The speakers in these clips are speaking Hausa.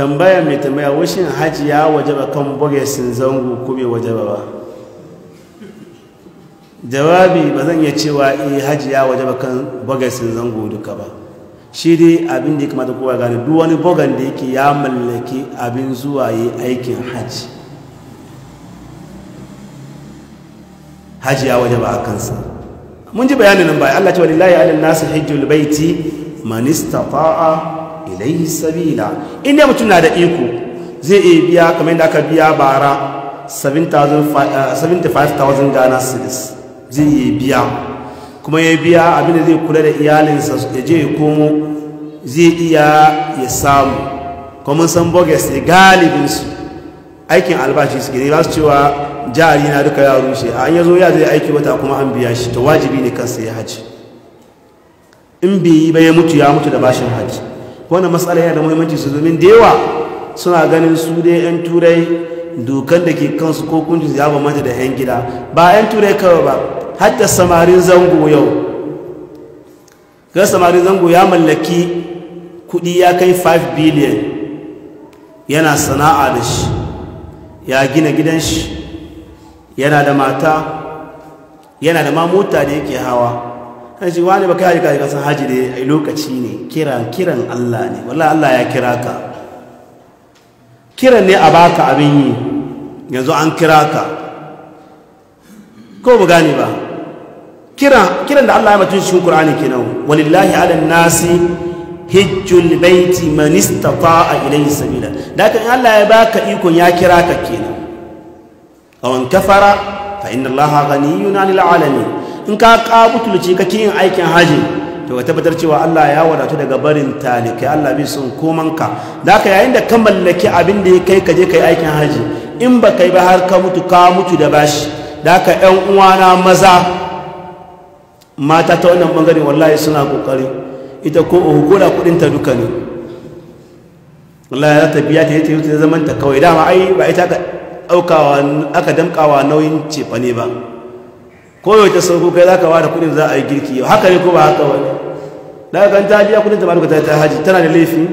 tambaya mai tambaya washin haji ya wajaba kan buge sun zango ko bai wajaba ba jawabi ba zan iya cewa eh haji ya wajaba kan buge sun zango duka ba shi dai abin da ya kamata kowa gane duk wani bogan da yake ya mallaki abin zuwa yi aikin hajji. hajji ya wajaba a kansa mun ji bayanin nan ba Allah ce walillahi alin nasu hajjul baiti man istata'a ilaihi sabila inda mutum na da iko zai iya biya kamar yadda aka biya bara 75,000 eh, ghana cedis zai iya biya kuma ya biya abinda zai kula da iyalinsa ya je ya komo zai iya ya samu kuma san bogus da galibinsu aikin albashi suke ne ba su cewa jari na duka ya rushe a an yazo ya zai aiki wata kuma an biya shi to wajibi ne kansa ya haji in bai yi ba mutu ya mutu da bashin haji wannan matsala yana da muhimmanci su domin da yawa suna ganin su dai 'yan turai dokan da ke kansu ko kunjin ya bambanta da 'yan gida ba 'yan turai kawai ba hatta samarin zango yau ga samarin zango ya mallaki kudi ya kai 5 biliyan yana sana'a da shi ya gina gidan shi yana da mata yana da ma mota da yake hawa an shi wani baka yi kaji kasan haji da ai lokaci ne kiran kiran Allah ne wallahi Allah ya kira ka kiran ne a baka abin yi yanzu an kira ka ko bu gane ba kiran da Allah ya mutum cikin Qur'ani kenan walillahi ala nasi hijjul baiti man istata'a ilayhi sabila da kan Allah ya baka ikon ya kira ka kenan awan kafara fa inna Allah ghaniyun 'anil 'alamin in ka kabutulci ka yin aikin haji to ka tabbatar cewa Allah ya wadatu daga barin talikai Allah bi sun komanka da ka yayin da ka mallaki abin da ya kai ka je kai aikin haji in ba kai ba har ka mutu ka mutu da bashi da yan uwa uwana maza mata ta wannan bangare wallahi suna kokari ita ko hukura kudin ta duka ne wallahi za ta biya ta yi ta yi ta zaman ta kawai dama ai ba ita aka daukawa aka damkawa nauyin cefane ba koyo ta sauko kai za ka ware kudin za a yi girki yau haka ne ko ba haka wani daga kan ta biya kudin ta ba ta ta haji tana da laifin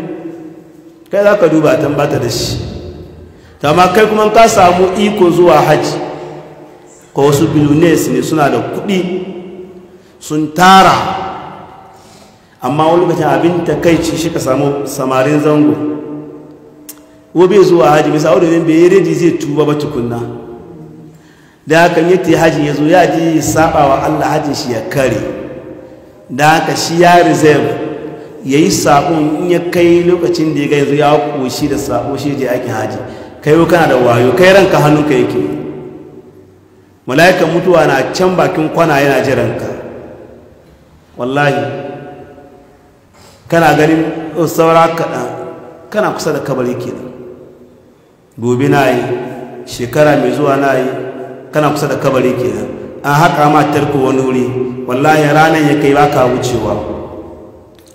kai za ka duba tan bata da shi ta ma kai kuma ka samu iko zuwa haji ko wasu billionaires ne suna da kudi sun tara amma wani lokacin abin ta kai ci shi ka samu samarin zango ko bai zuwa haji bisa aure ne bai yi reji zai tuba ba tukunna da haka hajji yi zo ya ji saba sabawa Allah hajin shi ya kare da haka shi ya reserve yi sabon in ya kai lokacin da ya ga yazo ya koshi da sabo shi je aikin hajji. kai kana da wayo kai ranka hannunka yake mala'ikan mutuwa na can bakin kwana yana jiranka wallahi kana ganin oh, saura kaɗan kana kusa da kabari kenan gobe na yi shekara mai zuwa na yi kana kusa da kabari ke nan. an haƙa ma tarko wani wuri wallahi ranar ya kai baka wucewa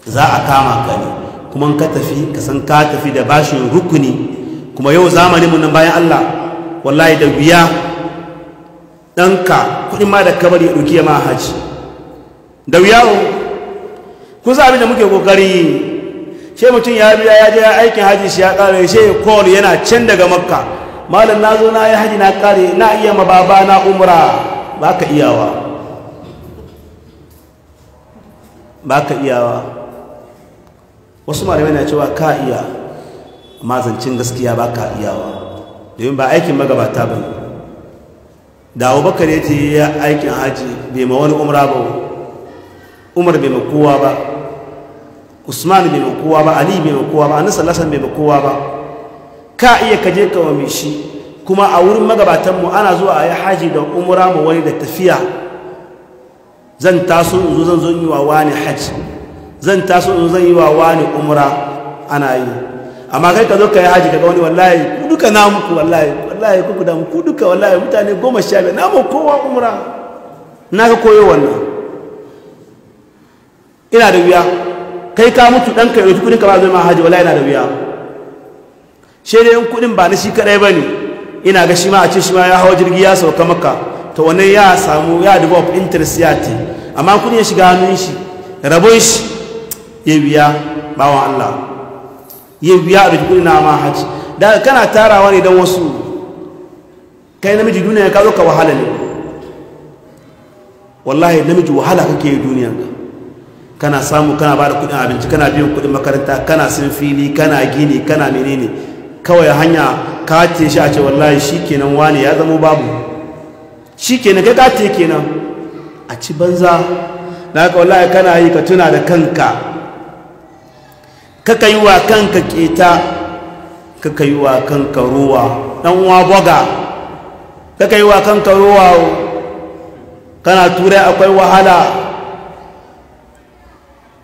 za a kama ka ne kuma ka tafi ka san ka tafi da bashin rukuni kuma yau zamani mu nan bayan Allah wallahi da biya ɗanka kuɗin ma da kabari ya dauki ma haji da wiyawo kun sa abin da muke kokari she mutum ya biya ya je aikin haji shi ya ƙara ya she call yana can daga makka malam na zo na yi haji na kare na iya ma baba na umra ba ka iyawa ba ka iyawa wasu malamai na cewa ka iya mazancin gaskiya ba ka iyawa domin ba aikin magabata ba da abubakar ya ce ya aikin haji bai ma wani umra ba umar bai ma kowa ba usman bai ma kowa ba ali bai ma kowa ba annabi lasan bai ma kowa ba ka iya kaje ka wa shi kuma a wurin magabatanmu ana zuwa a yi haji don umura mu wani da tafiya zan taso in zo zan zo yi wa wani haji zan taso in zan yi wa wani umura ana yi amma kai ka zo ka yi haji daga wani wallahi ku duka na muku wallahi wallahi ku guda ku duka wallahi mutane goma sha biyar na mu kowa umura na ka koyo wannan ina da wuya kai ka mutu ɗanka ya rutu kudin ka ba zai ma haji wallahi ina da wuya shi dai kudin ba na shi kadai ba ne ina ga shi ma a ce shi ma ya hawa jirgi ya sauka maka to wannan ya samu ya develop interest ya te amma kudin ya shiga hannun shi rabon shi ya biya bawan Allah ya biya a rikin kudin na ma haji da kana tarawa ne don wasu kai namiji duniya ka zo ka wahala ne wallahi namiji wahala kake yi duniya. ka kana samu kana ba da kudin abinci kana biyan kudin makaranta kana sun fili kana gini kana menene kawai hanya kace shi a ce wallahi shikenan wani ya zama babu shikenan kai kace kenan a ci banza da haka wallahi kana yi ka tuna da kanka kaka yi wa kanka keta kaka yi wa kanka ruwa dan uwa boga kaka yi wa kanka ruwa kana turai akwai wahala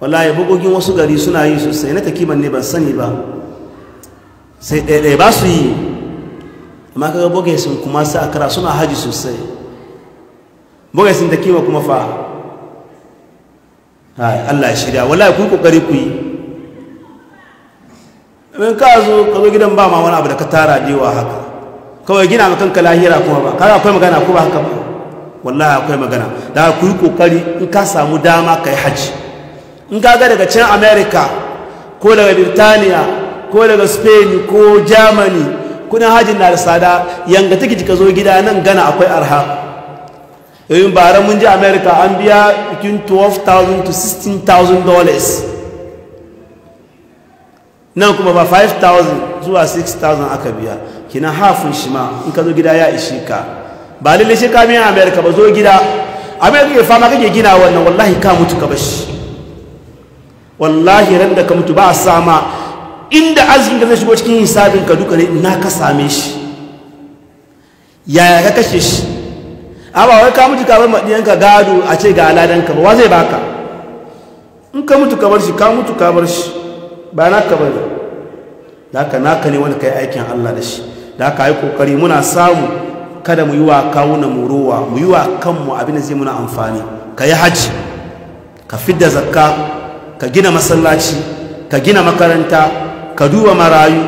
wallahi bugogin wasu gari suna yi sosai na takiman ne ban sani ba sai ɗaiɗai eh, eh, ba su yi amma kaga boge sun kuma sa kara suna haji sosai boge sun ta kima kuma fa Allah shirya wallahi ku kokari ku yi in ka zo ka zo gidan ba ma wani abu da ka tara jewa haka kawai gina ma kanka lahira kuma ba kaga akwai magana ko ba haka ba wallahi akwai magana da ku yi kokari in ka samu dama kai haji in ka ga daga can America ko daga Birtaniya ko daga spain ko germany kuna hajji na da tsada yanga take kika zo gida nan gana akwai arha yayin bara mun ji america an biya between 12,000 to 16,000 dollars nan kuma ba 5,000 zuwa 6,000 aka biya kina hafin shi ma in ka zo gida ya ishi ka ba lalle shi ka miya america ba zo gida america ya fama kake gina wannan wallahi ka mutu ka bashi wallahi ran da ka mutu ba a sama inda ka zai shigo cikin ka duka ne na ka same shi yaya ka kashe shi amma wai ka mutu kamar maɗiyanka gado a ce ga aladanka ba wa zai baka in ka mutu kamar shi ka mutu kamar shi ba na ka bari da naka ne wani ka yi aikin allah da shi da ka yi kokari muna samu kada mu yi wa kawuna mu mu yi wa kanmu abin da zai muna amfani ka yi hajji ka fidda zakka ka gina masallaci ka gina makaranta ka duba marayu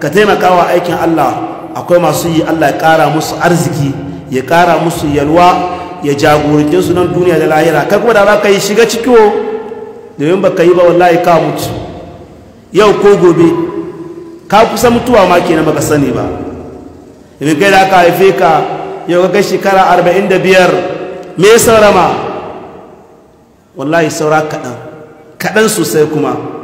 ka taimaka wa aikin Allah akwai masu yi Allah ya kara musu arziki ya kara musu yalwa ya jagorance su nan duniya da lahira kai kuma da za ka yi shiga cikiwo domin ba ka yi ba wallahi ka mutu yau ko gobe ka kusa mutuwa ma kenan baka sani ba idan kai da aka haife ka yau ka kai shekara arba'in da biyar me saurama wallahi saura kaɗan kaɗan sosai kuma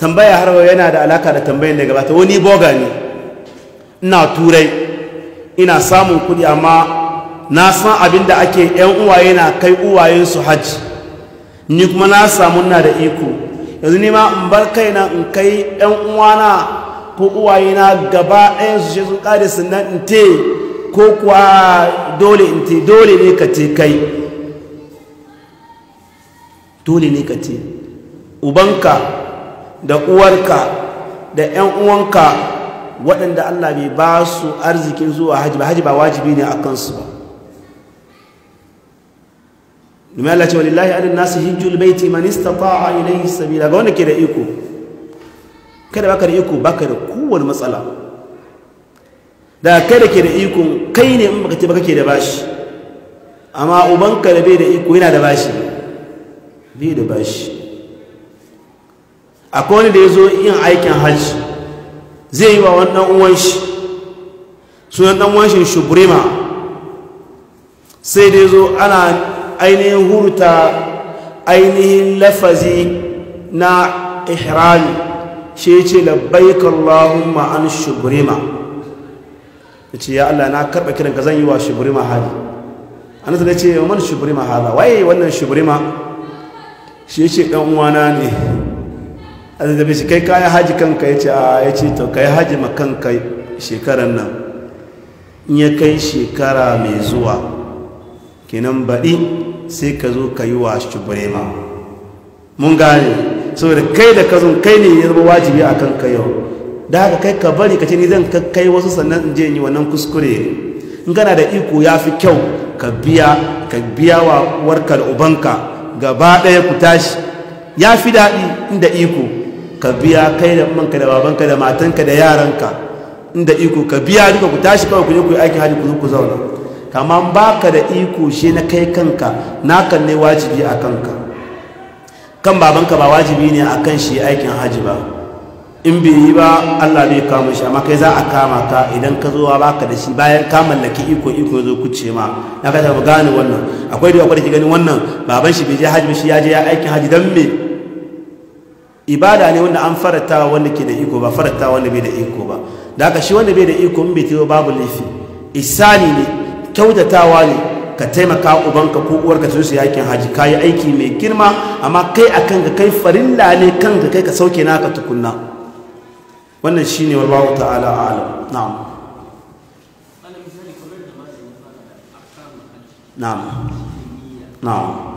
tambaya har yana da alaka da tambayin da gabata wani boga ne ina turai ina samun kudi amma na san abin da ake yan uwaye na kai su hajji ni kuma na samu na da iko yanzu nima ma in bar kaina in kai yan uwana ko uwaye na gaba ɗaya su ce sun su nan in te ko kuwa dole in te dole ne ka te kai dole ne ka te ubanka da uwarka da 'yan uwanka waɗanda Allah bai ba su arzikin zuwa haji ba haji ba wajibi ne a kansu ba domin Allah ce wa lillahi adin nasu hijjul baiti man istata'a ilayhi sabila ga wanda ke da iko kada baka da iko baka da kowane matsala da kai da ke da iko kai ne in baka ce baka ke da bashi amma ubanka da bai da iko yana da bashi bai da bashi akwai wani da ya zo yin aikin hajji zai yi wa wani ɗan'uwan shi sunan ɗan'wanshin shubrima sai da ya zo ana ainihin hurta ainihin lafazi na ihrami shi ce labbaik Allahumma an shubrima da ce ya Allah na karɓa kiran ka zan yi wa shubrima hali an zai ce man shubrima hala waye wannan shubrima shi ce ɗan'uwana ne a shi kai kayan haji kanka ya ce a ya ce to kai haji ma kanka shekarar nan in ya kai shekara mai zuwa kenan baɗi sai ka zo ka yi wa ma mun gane saboda kai da kazun kai ne ya zama wajibi a kanka yau da haka kai ka bari ka ce ni zan kai wasu sannan in je yi wannan kuskure in kana da iko ya fi kyau ka biya ka biya wa warkar ubanka gaba ɗaya ku tashi ya fi daɗi inda iko ka biya kai da manka da babanka da matanka da yaranka inda iko ka biya duka ku tashi kawai ku je ku yi aikin hajji ku zo ku zauna kama baka da iko shi na kai kanka kan ne wajibi a kanka kan babanka ba wajibi ne a kan shi aikin hajji ba in bai yi ba Allah bai kama shi amma kai za a kama ka idan ka zo ka da shi bayan ka mallaki iko iko ya zo kuce ma na ka tafi gane wannan akwai da akwai da ke gani wannan baban shi bai je hajji shi ya je ya aikin hajji don me ibada ne wanda an farata wanda ke da iko ba farata wanda bai da iko ba da haka shi wanda bai da iko bai tayo babu laifi isani ne kyautatawa ne ka taimaka ubanka ko uwarka su su yakin haji kayi aiki mai girma amma kai a kanka kai farilla ne kanka kai ka sauke naka tukunna wannan shine wallahu ta'ala a'lam na'am na'am na'am